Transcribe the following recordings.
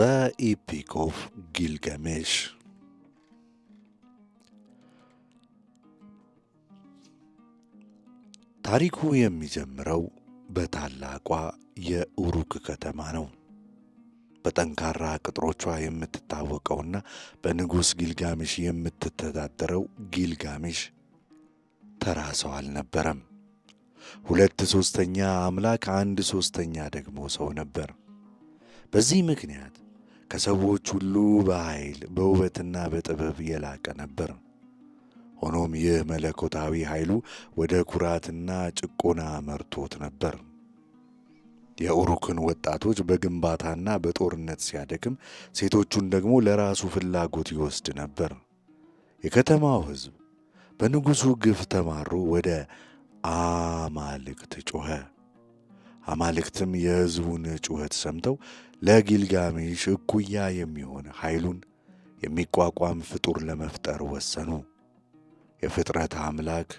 The Epic of Gilgamesh. ታሪኩ የሚጀምረው በታላቋ የኡሩክ ከተማ ነው። በጠንካራ ቅጥሮቿ የምትታወቀውና በንጉሥ ጊልጋሜሽ የምትተዳደረው ጊልጋሜሽ ተራ ሰው አልነበረም። ሁለት ሦስተኛ አምላክ፣ አንድ ሦስተኛ ደግሞ ሰው ነበር። በዚህ ምክንያት ከሰዎች ሁሉ በኃይል በውበትና በጥበብ የላቀ ነበር። ሆኖም ይህ መለኮታዊ ኃይሉ ወደ ኩራትና ጭቆና መርቶት ነበር። የኡሩክን ወጣቶች በግንባታና በጦርነት ሲያደክም፣ ሴቶቹን ደግሞ ለራሱ ፍላጎት ይወስድ ነበር። የከተማው ሕዝብ በንጉሡ ግፍ ተማሩ ወደ አማልክት ጮኸ። አማልክትም የሕዝቡን ጩኸት ሰምተው ለጊልጋሜሽ እኩያ የሚሆን ኃይሉን የሚቋቋም ፍጡር ለመፍጠር ወሰኑ። የፍጥረት አምላክ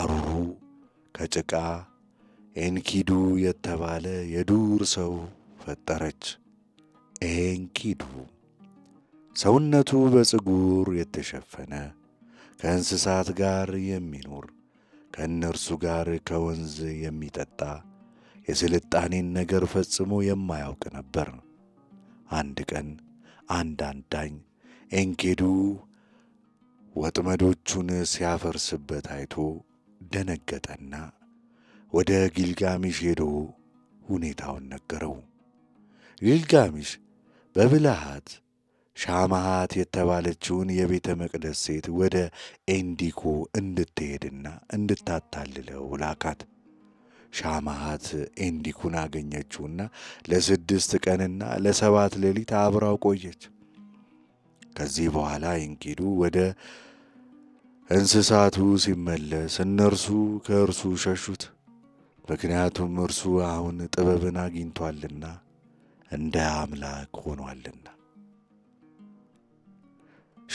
አሩሩ ከጭቃ ኤንኪዱ የተባለ የዱር ሰው ፈጠረች። ኤንኪዱ ሰውነቱ በፀጉር የተሸፈነ ከእንስሳት ጋር የሚኖር ከእነርሱ ጋር ከወንዝ የሚጠጣ የስልጣኔን ነገር ፈጽሞ የማያውቅ ነበር። አንድ ቀን አንድ አንዳኝ ኤንኬዱ ወጥመዶቹን ሲያፈርስበት አይቶ ደነገጠና ወደ ጊልጋሚሽ ሄዶ ሁኔታውን ነገረው። ጊልጋሚሽ በብልሃት ሻማሃት የተባለችውን የቤተ መቅደስ ሴት ወደ ኤንዲኮ እንድትሄድና እንድታታልለው ላካት። ሻማሃት ኤንዲኩን አገኘችውና ለስድስት ቀንና ለሰባት ሌሊት አብራው ቆየች። ከዚህ በኋላ ኢንኪዱ ወደ እንስሳቱ ሲመለስ እነርሱ ከእርሱ ሸሹት፣ ምክንያቱም እርሱ አሁን ጥበብን አግኝቷልና እንደ አምላክ ሆኗልና።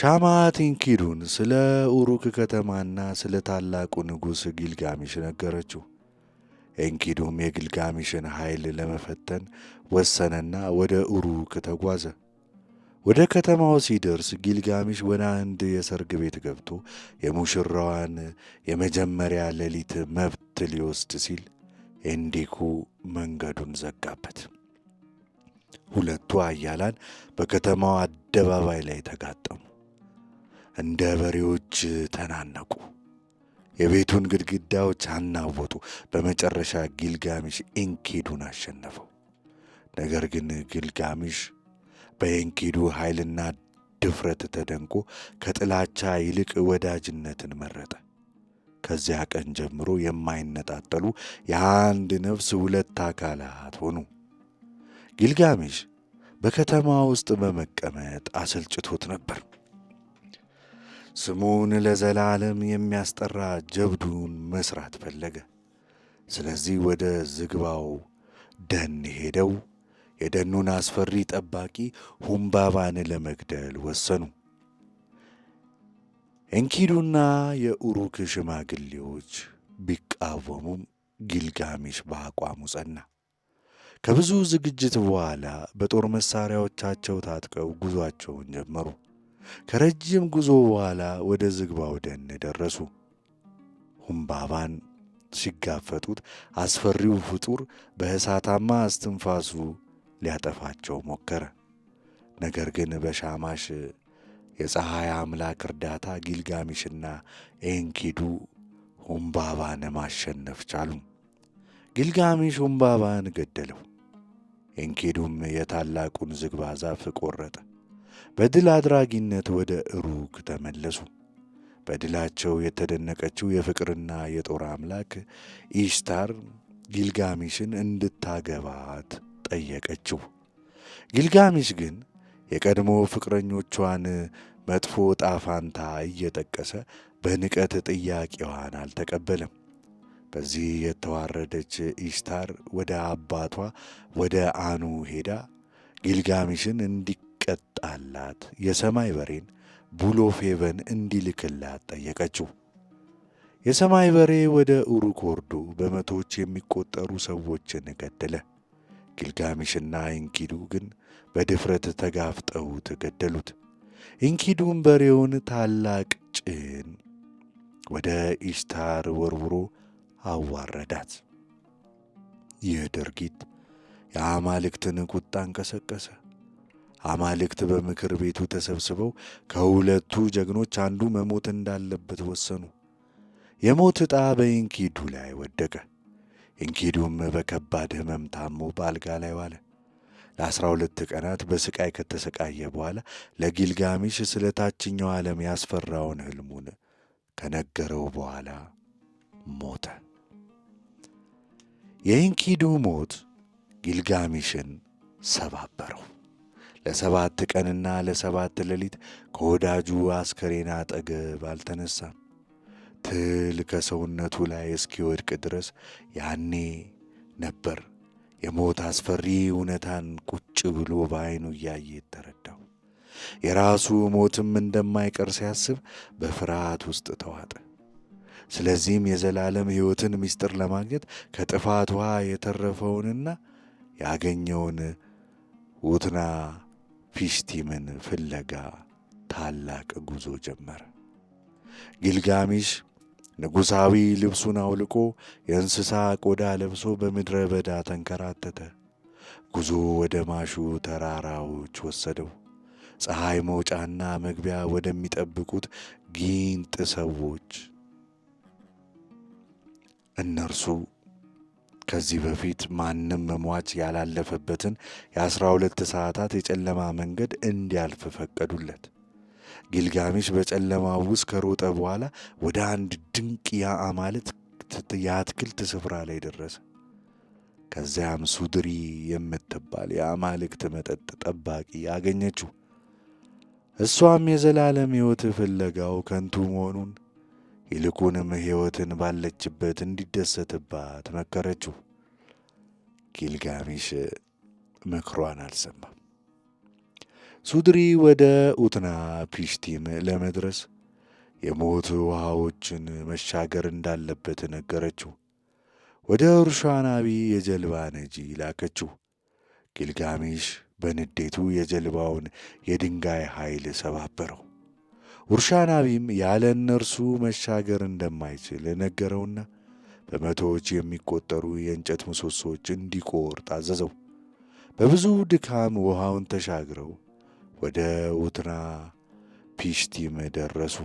ሻማት ኢንኪዱን ስለ ኡሩክ ከተማና ስለ ታላቁ ንጉሥ ጊልጋሚሽ ነገረችው። እንግዲሁም የግልጋሚሽን ኃይል ለመፈተን ወሰነና ወደ ኡሩክ ተጓዘ። ወደ ከተማው ሲደርስ ጊልጋሚሽ ወደ አንድ የሰርግ ቤት ገብቶ የሙሽራዋን የመጀመሪያ ሌሊት መብት ሊወስድ ሲል እንዲኩ መንገዱን ዘጋበት። ሁለቱ አያላን በከተማው አደባባይ ላይ ተጋጠሙ፣ እንደ በሬዎች ተናነቁ። የቤቱን ግድግዳዎች አናወጡ። በመጨረሻ ጊልጋሚሽ ኢንኪዱን አሸነፈው። ነገር ግን ጊልጋሚሽ በኢንኪዱ ኃይልና ድፍረት ተደንቆ ከጥላቻ ይልቅ ወዳጅነትን መረጠ። ከዚያ ቀን ጀምሮ የማይነጣጠሉ የአንድ ነፍስ ሁለት አካላት ሆኑ። ጊልጋሚሽ በከተማ ውስጥ በመቀመጥ አሰልጭቶት ነበር። ስሙን ለዘላለም የሚያስጠራ ጀብዱን መስራት ፈለገ። ስለዚህ ወደ ዝግባው ደን ሄደው የደኑን አስፈሪ ጠባቂ ሁምባባን ለመግደል ወሰኑ። ኤንኪዱና የኡሩክ ሽማግሌዎች ቢቃወሙም ጊልጋሚሽ በአቋሙ ጸና። ከብዙ ዝግጅት በኋላ በጦር መሳሪያዎቻቸው ታጥቀው ጉዟቸውን ጀመሩ። ከረጅም ጉዞ በኋላ ወደ ዝግባው ደን ደረሱ። ሁምባባን ሲጋፈጡት አስፈሪው ፍጡር በእሳታማ እስትንፋሱ ሊያጠፋቸው ሞከረ። ነገር ግን በሻማሽ የፀሐይ አምላክ እርዳታ ጊልጋሚሽና ኤንኪዱ ሁምባባን ማሸነፍ ቻሉ። ጊልጋሚሽ ሁምባባን ገደለው። ኤንኪዱም የታላቁን ዝግባ ዛፍ ቆረጠ። በድል አድራጊነት ወደ ሩክ ተመለሱ። በድላቸው የተደነቀችው የፍቅርና የጦር አምላክ ኢሽታር ጊልጋሚሽን እንድታገባት ጠየቀችው። ጊልጋሚሽ ግን የቀድሞ ፍቅረኞቿን መጥፎ ጣፋንታ እየጠቀሰ በንቀት ጥያቄዋን አልተቀበለም። በዚህ የተዋረደች ኢሽታር ወደ አባቷ ወደ አኑ ሄዳ ጊልጋሚሽን እንዲ እንዲቀጣላት የሰማይ በሬን ቡሎፌቨን እንዲልክላት ጠየቀችው። የሰማይ በሬ ወደ ኡሩክ ወርዶ በመቶዎች የሚቆጠሩ ሰዎችን ገደለ። ግልጋሚሽና ኢንኪዱ ግን በድፍረት ተጋፍጠው ተገደሉት! ኢንኪዱም በሬውን ታላቅ ጭን ወደ ኢሽታር ወርውሮ አዋረዳት። ይህ ድርጊት የአማልክትን ቁጣ እንቀሰቀሰ። አማልክት በምክር ቤቱ ተሰብስበው ከሁለቱ ጀግኖች አንዱ መሞት እንዳለበት ወሰኑ። የሞት ዕጣ በኢንኪዱ ላይ ወደቀ። ኢንኪዱም በከባድ ሕመም ታሞ በአልጋ ላይ ዋለ። ለአስራ ሁለት ቀናት በስቃይ ከተሰቃየ በኋላ ለጊልጋሚሽ ስለ ታችኛው ዓለም ያስፈራውን ሕልሙን ከነገረው በኋላ ሞተ። የኢንኪዱ ሞት ጊልጋሚሽን ሰባበረው። ለሰባት ቀንና ለሰባት ሌሊት ከወዳጁ አስከሬን አጠገብ አልተነሳም። ትል ከሰውነቱ ላይ እስኪወድቅ ድረስ ያኔ ነበር የሞት አስፈሪ እውነታን ቁጭ ብሎ በዐይኑ እያየ የተረዳው። የራሱ ሞትም እንደማይቀር ሲያስብ በፍርሃት ውስጥ ተዋጠ። ስለዚህም የዘላለም ሕይወትን ምስጢር ለማግኘት ከጥፋት ውሃ የተረፈውንና ያገኘውን ውትና ፒሽቲምን ፍለጋ ታላቅ ጉዞ ጀመረ። ጊልጋሚሽ ንጉሣዊ ልብሱን አውልቆ የእንስሳ ቆዳ ለብሶ በምድረ በዳ ተንከራተተ። ጉዞ ወደ ማሹ ተራራዎች ወሰደው። ፀሐይ መውጫና መግቢያ ወደሚጠብቁት ጊንጥ ሰዎች እነርሱ ከዚህ በፊት ማንም መሟች ያላለፈበትን የአስራ ሁለት ሰዓታት የጨለማ መንገድ እንዲያልፍ ፈቀዱለት። ጊልጋሜሽ በጨለማ ውስጥ ከሮጠ በኋላ ወደ አንድ ድንቅ የአማልክት የአትክልት ስፍራ ላይ ደረሰ። ከዚያም ሱድሪ የምትባል የአማልክት መጠጥ ጠባቂ አገኘችው። እሷም የዘላለም ሕይወት ፍለጋው ከንቱ መሆኑን ይልቁንም ሕይወትን ባለችበት እንዲደሰትባት መከረችው። ጊልጋሚሽ ምክሯን አልሰማም። ሱድሪ ወደ ኡትና ፒሽቲም ለመድረስ የሞት ውሃዎችን መሻገር እንዳለበት ነገረችው። ወደ ሩሻናቢ የጀልባ ነጂ ላከችው። ጊልጋሚሽ በንዴቱ የጀልባውን የድንጋይ ኃይል ሰባበረው። ውርሻናቢም ያለ እነርሱ መሻገር እንደማይችል ነገረውና በመቶዎች የሚቆጠሩ የእንጨት ምሰሶዎች እንዲቆርጥ አዘዘው። በብዙ ድካም ውሃውን ተሻግረው ወደ ውትና ፒሽቲም ደረሱ።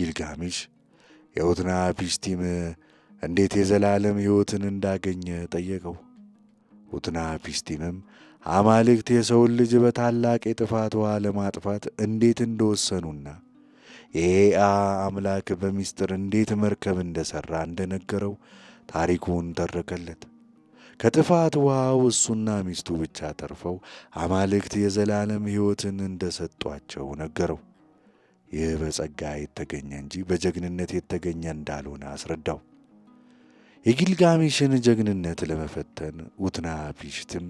ጊልጋሚሽ የውትና ፒሽቲም እንዴት የዘላለም ሕይወትን እንዳገኘ ጠየቀው። ቡትናፒስቲምም አማልክት የሰውን ልጅ በታላቅ የጥፋት ውሃ ለማጥፋት እንዴት እንደወሰኑና የኤአ አምላክ በሚስጥር እንዴት መርከብ እንደሠራ እንደነገረው ታሪኩን ተረከለት። ከጥፋት ውኃው እሱና ሚስቱ ብቻ ተርፈው አማልክት የዘላለም ሕይወትን እንደሰጧቸው ነገረው። ይህ በጸጋ የተገኘ እንጂ በጀግንነት የተገኘ እንዳልሆነ አስረዳው። የጊልጋሜሽን ጀግንነት ለመፈተን ውትና ፊሽትም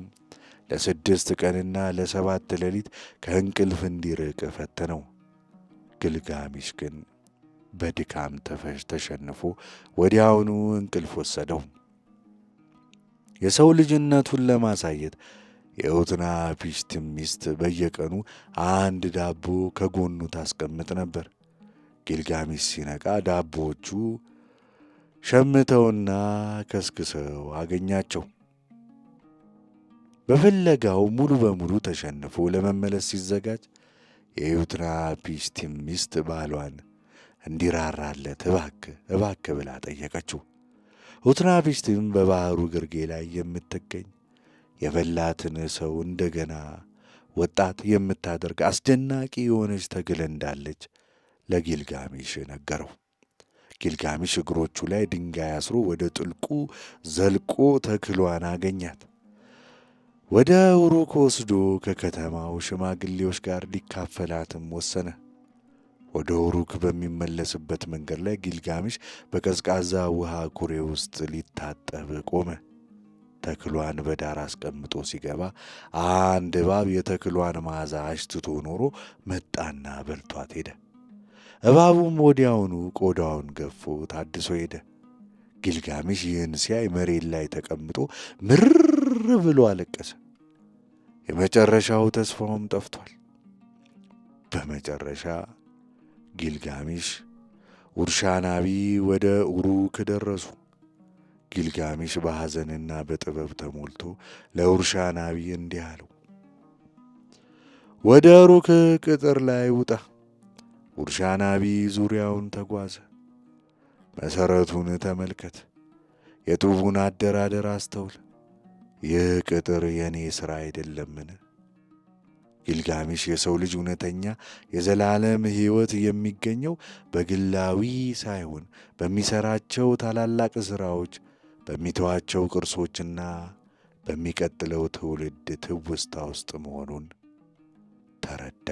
ለስድስት ቀንና ለሰባት ሌሊት ከእንቅልፍ እንዲርቅ ፈተነው። ግልጋሚሽ ግን በድካም ተፈሽ ተሸንፎ ወዲያውኑ እንቅልፍ ወሰደው። የሰው ልጅነቱን ለማሳየት የውትና ፊሽት ሚስት በየቀኑ አንድ ዳቦ ከጎኑ ታስቀምጥ ነበር። ጊልጋሜሽ ሲነቃ ዳቦዎቹ ሸምተውና ከስክሰው አገኛቸው። በፍለጋው ሙሉ በሙሉ ተሸንፎ ለመመለስ ሲዘጋጅ ፒስቲም ሚስት ባሏን እንዲራራለት እባክ እባክ ብላ ጠየቀችው። ዩትናፒስትም በባህሩ ግርጌ ላይ የምትገኝ የበላትን ሰው እንደገና ወጣት የምታደርግ አስደናቂ የሆነች ተክል እንዳለች ለጊልጋሚሽ ነገረው። ጊልጋሚሽ እግሮቹ ላይ ድንጋይ አስሮ ወደ ጥልቁ ዘልቆ ተክሏን አገኛት። ወደ ኡሩክ ወስዶ ከከተማው ሽማግሌዎች ጋር ሊካፈላትም ወሰነ። ወደ ውሩክ በሚመለስበት መንገድ ላይ ጊልጋሚሽ በቀዝቃዛ ውሃ ኩሬ ውስጥ ሊታጠብ ቆመ። ተክሏን በዳር አስቀምጦ ሲገባ አንድ እባብ የተክሏን መዓዛ አሽትቶ ኖሮ መጣና በልቷት ሄደ። እባቡም ወዲያውኑ ቆዳውን ገፎ ታድሶ ሄደ። ግልጋሚሽ ይህን ሲያይ መሬት ላይ ተቀምጦ ምርር ብሎ አለቀሰ። የመጨረሻው ተስፋውም ጠፍቷል። በመጨረሻ ጊልጋሚሽ ውርሻናቢ ወደ ኡሩክ ደረሱ። ጊልጋሚሽ በሐዘንና በጥበብ ተሞልቶ ለውርሻናቢ እንዲህ አለው፣ ወደ ሩክ ቅጥር ላይ ውጣ ኡርሻናቢ ዙሪያውን ተጓዘ። መሠረቱን ተመልከት፣ የጡቡን አደራደር አስተውል። ይህ ቅጥር የእኔ ሥራ አይደለምን? ጊልጋሚሽ የሰው ልጅ እውነተኛ የዘላለም ሕይወት የሚገኘው በግላዊ ሳይሆን በሚሠራቸው ታላላቅ ሥራዎች፣ በሚተዋቸው ቅርሶችና በሚቀጥለው ትውልድ ትውስታ ውስጥ መሆኑን ተረዳ።